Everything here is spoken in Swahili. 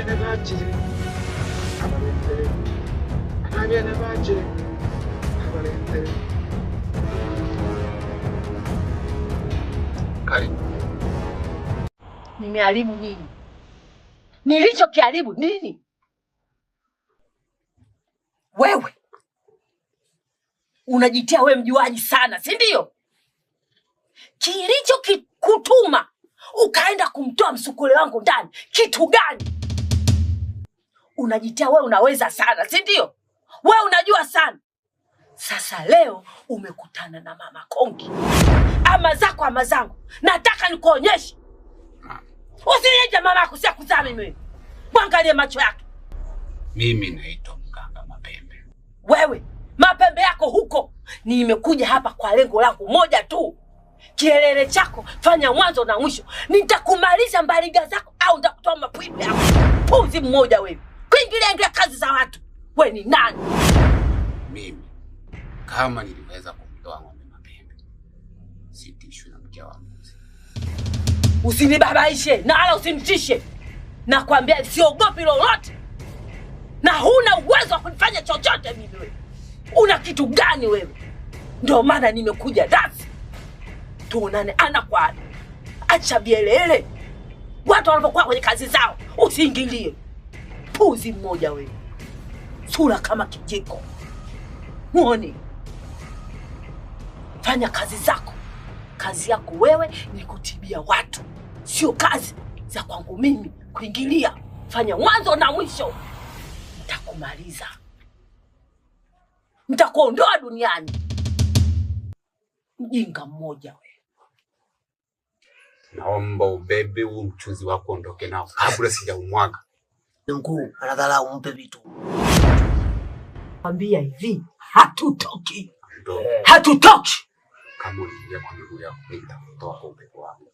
Ab'enabakye abalembere ab'enabakye abalembere Nimeharibu nini? Nilichokiharibu nini? Wewe unajitia wewe mjuaji sana, si ndio? Kilichokikutuma ukaenda kumtoa msukule wangu ndani kitu gani? unajitia wewe unaweza sana, si ndio? Wewe unajua sana. Sasa leo umekutana na mama Kongi, ama zako ama zangu, nataka nikuonyeshe. Ah. Usiniite mama yako, siakuzaa mimi. Mwangalie macho yake. Mimi naitwa mganga mapembe. Wewe mapembe yako huko. Nimekuja hapa kwa lengo langu moja tu, kielele chako fanya mwanzo na mwisho, nitakumaliza mbariga zako au nitakutoa mapwipe yako. Puzi mmoja wewe usiingilie kazi za watu. We ni nani? Mimi kama niliweza kumtoa ng'ombe mapembe, sitishwi na mke wa mzee. Usinibabaishe na wala usinitishe, nakwambia siogopi lolote na huna uwezo wa kunifanya chochote mimi. Wewe una kitu gani wewe? Ndio maana nimekuja dasi tuonane ana kwa ana. Acha bielele, watu wanapokuwa kwenye kazi zao usiingilie. Mpuzi mmoja wewe, sura kama kijiko, muone. Fanya kazi zako. Kazi yako wewe ni kutibia watu, sio kazi za kwangu mimi kuingilia. Fanya mwanzo na mwisho, nitakumaliza, nitakuondoa duniani. Mjinga mmoja wewe. Naomba ubebe huu mchuzi wako, ondoke nao kabla sijaumwaga mkuu anadharau, mpe vitu. Kwambia hivi hatutoki, hatutoki. Kama uliingia kwa miguu yako nitakutoa kwa upepo wako.